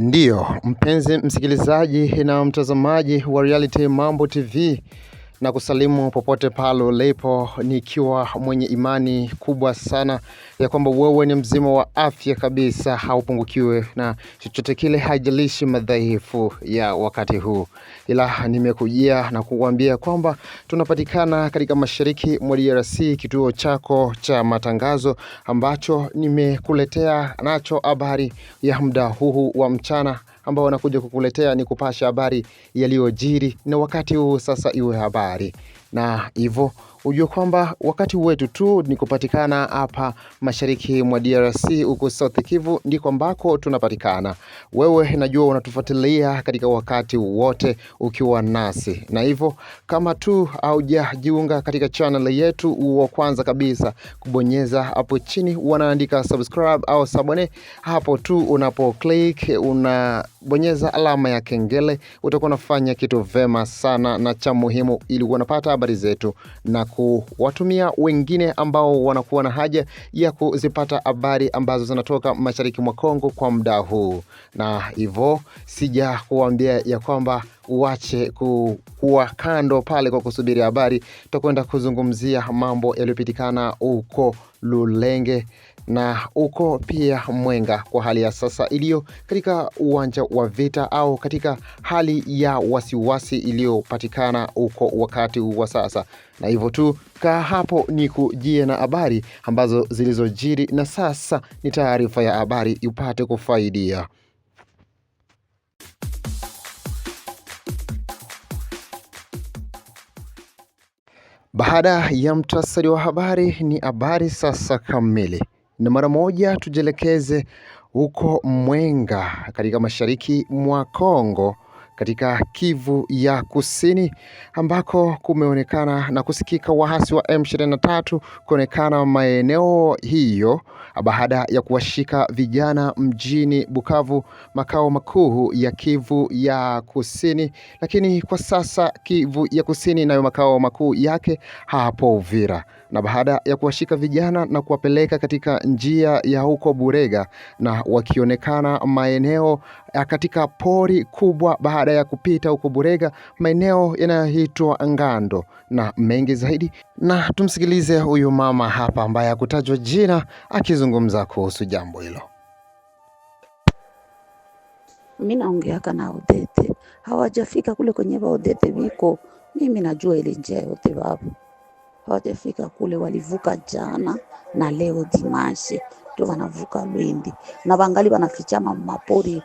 Ndiyo mpenzi msikilizaji na mtazamaji wa Reality Mambo TV na kusalimu popote pale ulipo, nikiwa mwenye imani kubwa sana ya kwamba wewe ni mzima wa afya kabisa, haupungukiwe na chochote kile, haijalishi madhaifu ya wakati huu. Ila nimekujia na kukuambia kwamba tunapatikana katika mashariki mwa DRC, kituo chako cha matangazo ambacho nimekuletea nacho habari ya muda huu wa mchana ambao wanakuja kukuletea ni kupasha habari yaliyojiri, na wakati huu sasa iwe habari na hivyo ujue kwamba wakati wetu tu ni kupatikana hapa mashariki mwa DRC, huko South Kivu ndiko ambako tunapatikana. Wewe najua unatufuatilia katika wakati wote ukiwa nasi, na hivyo kama tu haujajiunga katika channel yetu, wa kwanza kabisa kubonyeza hapo chini wanaandika subscribe au sabone. Hapo tu unapo click unabonyeza alama ya kengele, utakuwa unafanya kitu vema sana na cha muhimu, ili unapata habari zetu na kuwatumia wengine ambao wanakuwa na haja ya kuzipata habari ambazo zinatoka mashariki mwa Kongo kwa muda huu, na hivyo sija kuambia ya kwamba uache kuwa kando pale kwa kusubiri habari. Tutakwenda kuzungumzia mambo yaliyopitikana huko Lulenge na huko pia Mwenga kwa hali ya sasa iliyo katika uwanja wa vita au katika hali ya wasiwasi iliyopatikana huko wakati wa sasa. Na hivyo tu kaa hapo ni kujie na habari ambazo zilizojiri, na sasa ni taarifa ya habari upate kufaidia. Baada ya mtasari wa habari ni habari sasa kamili, na mara moja tujielekeze huko Mwenga katika mashariki mwa Kongo katika Kivu ya Kusini ambako kumeonekana na kusikika waasi wa M23 kuonekana maeneo hiyo baada ya kuwashika vijana mjini Bukavu, makao makuu ya Kivu ya Kusini. Lakini kwa sasa Kivu ya Kusini nayo makao makuu yake hapo Uvira na baada ya kuwashika vijana na kuwapeleka katika njia ya huko Burega, na wakionekana maeneo eh, katika pori kubwa, baada ya kupita huko Burega, maeneo yanayoitwa Ngando na mengi zaidi. Na tumsikilize huyu mama hapa ambaye hakutajwa jina akizungumza kuhusu jambo hilo. Mimi naongeaka na Odete, hawajafika kule kwenye ba Odete viko, mimi najua ile njia yote wapo hawajafika kule, walivuka jana na leo dimashe ndio wanavuka Lwindi na wangali wanafichama mapori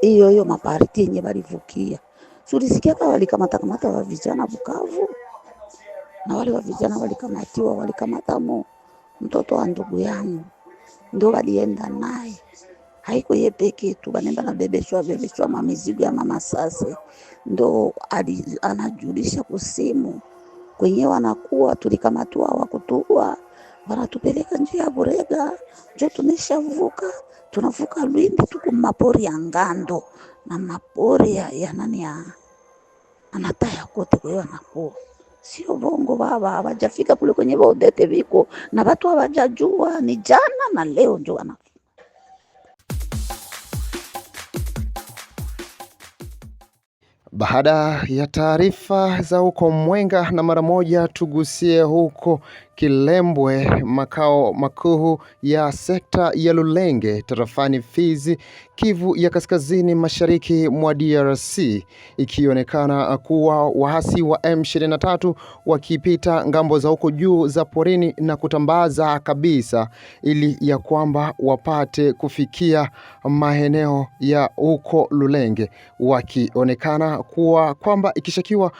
hiyo hiyo mapariti yenye walivukia. Tulisikia kama walikamata kamata wa vijana Bukavu, na wale wa vijana walikamatiwa, walikamata mo mtoto wa ndugu yangu, ndio walienda naye. Haiko yeye peke tu, banenda na bebeshwa bebeshwa mamizigo ya mama sase, ndo anajulisha kusimu wenyewe wanakuwa tulikamatua wakutua wanatupeleka njia ya Burega, njo tumeshavuka tunavuka lwimbi tuku mapori ya Ngando na mapori ya, ya nani ya anataya kote. Kwa hiyo anakuwa sio bongo baba, hawajafika kule kwenye baudete viko na watu hawajajua, ni jana na leo njo wanakuwa Baada ya taarifa za huko Mwenga, na mara moja tugusie huko Kilembwe, makao makuu ya sekta ya Lulenge tarafani Fizi, Kivu ya kaskazini mashariki mwa DRC, ikionekana kuwa waasi wa M23 wakipita ngambo za huko juu za porini na kutambaza kabisa, ili ya kwamba wapate kufikia maeneo ya huko Lulenge, wakionekana kuwa kwamba ikishakiwa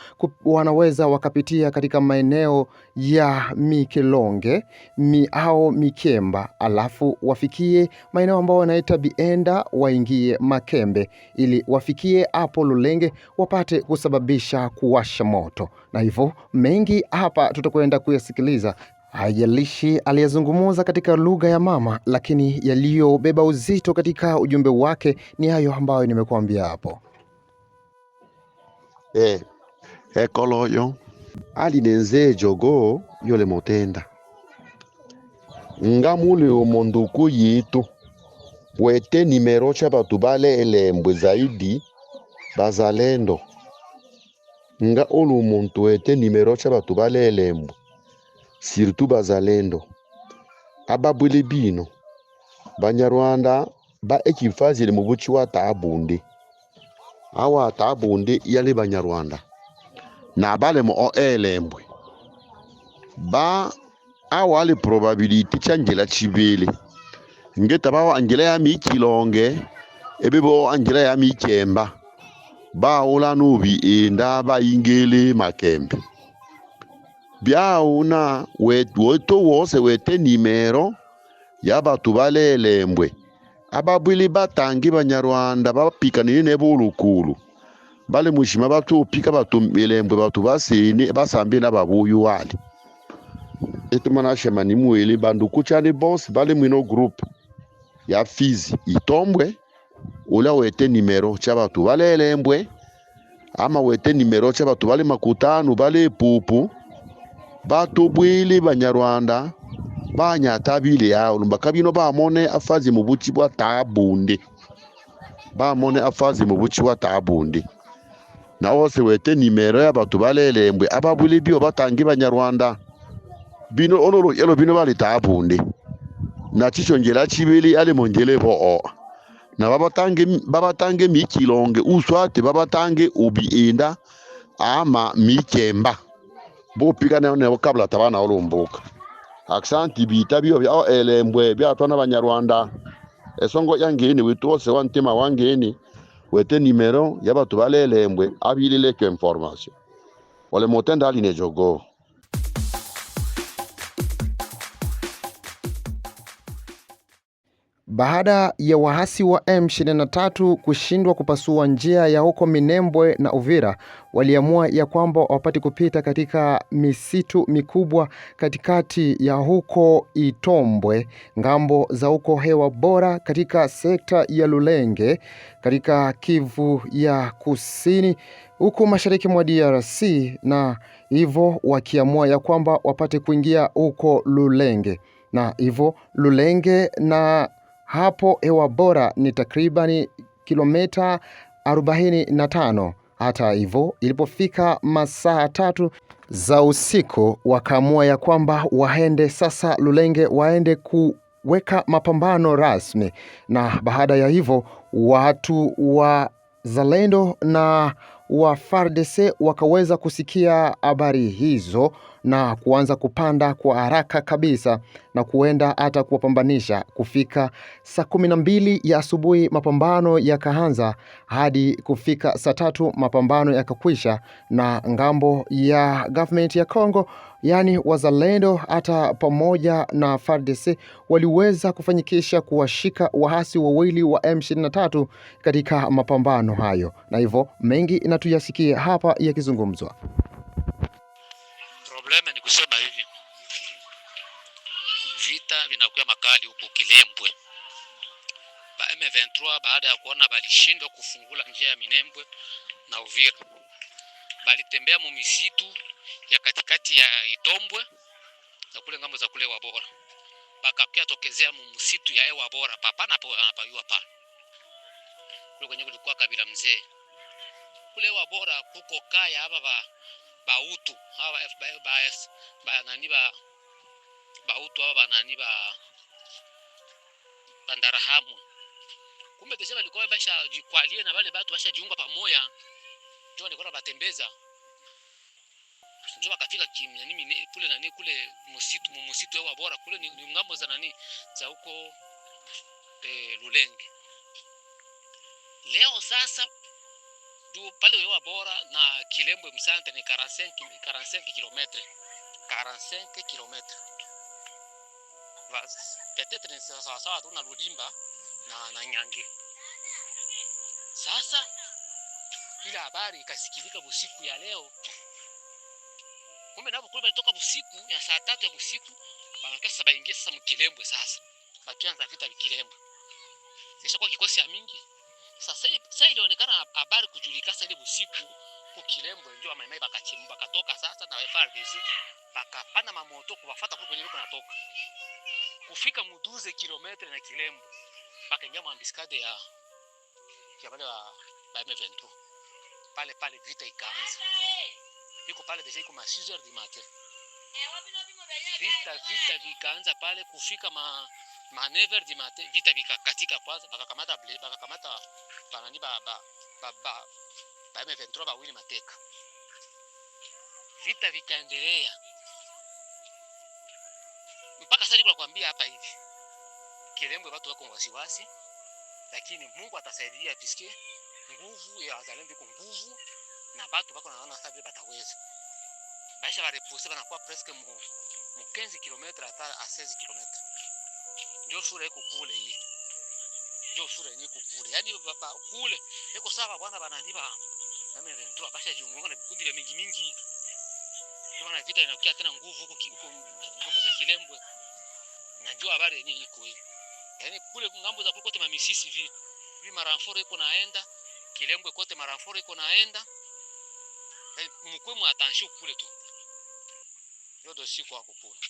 wanaweza wakapitia katika maeneo ya mi Mikelonge mi au Mikemba, alafu wafikie maeneo ambao wanaita Bienda, waingie Makembe ili wafikie hapo Lulenge wapate kusababisha kuwasha moto, na hivyo mengi hapa tutakwenda kuyasikiliza. Haijalishi aliyezungumza katika lugha ya mama, lakini yaliyobeba uzito katika ujumbe wake ni hayo ambayo nimekuambia hapo. Hey, eh, ekoloyo alinenze jogoo yole motenda nga muli omonduku yitu wete nimero cha batu bale elembwe zaidi bazalendo nga ulu umuntu wete nimero cha batu bale elembwe sirtu bazalendo ababwile bino banyarwanda ba ekifazile mu buchi wa taabunde awa taabunde yale banyarwanda n'abalemu o elembwe ba awali probability cha njila tshivili ngeta bawa angela ya mikilonge ebe bo angela ya ba baula nubi enda ingele makembe byauna wetu wose wete nimero ya batu elembwe ababwili batangi banyarwanda bapikanile ne bulukulu bale mushima batopika batumilembe batu basini basambi na babuyu wali etuma nashema ni mueli bandu kuchani bonse bale mwino groupe ya Fizi itombwe ula wete nimero cha batu bale elembwe ama wete nimero cha batu bale makutanu bale pupu batu bwili banyarwanda banyatabile yao lumbaka bino bamone afazi mubuchi bwa tabundi bamone afazi mubuchi bwa tabundi nawo sewete nimero y'abatu balelembwe ababwile bio batangi banyarwanda bino onolo yelo bino balitaabunde na chishonjela chibili ali monjele boo na babatange babatange mikilonge uswati babatange ubiinda ama mikemba bopika nayo kabla tabana olumbuka aksanti bita bio bya elembwe byatwana banyarwanda esongo yangeni witwose wantima wangeni wete nimero ya batho ba lelembwe abilile ke information ole jogo Baada ya waasi wa M23 kushindwa kupasua njia ya huko Minembwe na Uvira, waliamua ya kwamba wapate kupita katika misitu mikubwa katikati ya huko Itombwe, ngambo za huko hewa bora, katika sekta ya Lulenge katika Kivu ya Kusini huku mashariki mwa DRC, na hivyo wakiamua ya kwamba wapate kuingia huko Lulenge na hivyo Lulenge na hapo hewa bora ni takribani kilomita 45 hata hivyo, ilipofika masaa tatu za usiku wakaamua ya kwamba waende sasa Lulenge, waende kuweka mapambano rasmi, na baada ya hivyo watu wa Zalendo na wa FARDC wakaweza kusikia habari hizo na kuanza kupanda kwa haraka kabisa na kuenda hata kuwapambanisha. Kufika saa kumi na mbili ya asubuhi mapambano yakaanza hadi kufika saa tatu mapambano yakakwisha, na ngambo ya government ya congo yaani wazalendo hata pamoja na FARDC waliweza kufanyikisha kuwashika waasi wawili wa M23 katika mapambano hayo, na hivyo mengi natuyasikia hapa yakizungumzwa. Problema ni kusema hivi, vita vinakuwa makali huko Kilembwe ba M23 baada ya kuona balishindwa kufungula njia ya Minembwe na Uvira, balitembea mu misitu ya katikati ya Itombwe na kule ngambo za kule Wabora, bakakia tokezea mu msitu ya Ewa Bora papa na anapayua pa kule kwenye kulikuwa kabila mzee kule Wabora kuko kaya hapa ba bautu hawa ba ba ba nani ba bautu hawa ba nani ba bandarahamu kumbe kesha walikuwa basha jikwalie na wale batu basha jiunga pamoja, ndio walikuwa batembeza ndio wakafika kimya nini kule nani kule msitu msitu wao bora kule ni, ni ngambo za nani za huko eh, Lulenge leo sasa du pale uliwa bora na Kilembwe Msante ni 45 45 km 45 km bas peut-être ni sawa sawa tu na Ludimba na na Nyange. Sasa ile habari ikasikilika busiku ya leo, kumbe nabo kule balitoka busiku ya saa tatu ya busiku banakia sasa baingie sasa mkilembwe sasa bakianza vita vikilembwe sasa kwa kikosi ya mingi sasa sasa ilionekana habari kujulikana ile usiku kwa kukilembwe njoo maimai bakachimba katoka sasa na FARDC bakapanda mamoto kuwafuata kule kwenye toka Kufika muduze kilomita na Kilembwe bakaingia mwambiskade ya ya wale wa ba M23. Pale pale vita ikaanza. Iko pale deja iko masizer di heures matin. Vita vita vikaanza pale kufika ma manever di mate vita e kwaza kwanza, bakakamata ble bakakamata banani ba ba ba ba ba M23 ba wili mateka. Vita vikaendelea mpaka sasa, kwa kwambia hapa hivi kirembo watu wako wasiwasi, lakini Mungu atasaidia piske nguvu ya wazalendo iko nguvu na batu wako naona sasa vile bataweza baisha barepuse banakuwa presque mu 15 km hata a 16 km ndio sura iko kule hii ndio sura yenye kule yani baba kule iko sawa bwana bana ni ba na mimi ndio basha jiunga na vikundi vya mingi mingi ndio maana vita inakuwa tena nguvu huko huko mambo za kilembwe najua habari yenyewe iko hii yani kule ngambo za kule kote mamisisi vile vile maranforo iko naenda kilembwe kote maranforo iko naenda yani mkwe mu kule tu ndio dosi kwako kule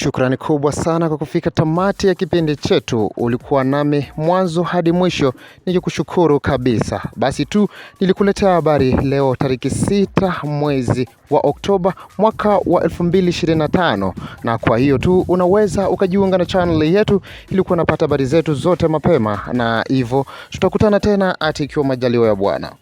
Shukrani kubwa sana kwa kufika tamati ya kipindi chetu. Ulikuwa nami mwanzo hadi mwisho, nikikushukuru kabisa. Basi tu nilikuletea habari leo tariki sita mwezi wa Oktoba mwaka wa 2025, na kwa hiyo tu unaweza ukajiunga na channel yetu ili kuwa unapata habari zetu zote mapema, na hivyo tutakutana tena ati ikiwa majaliwa ya Bwana.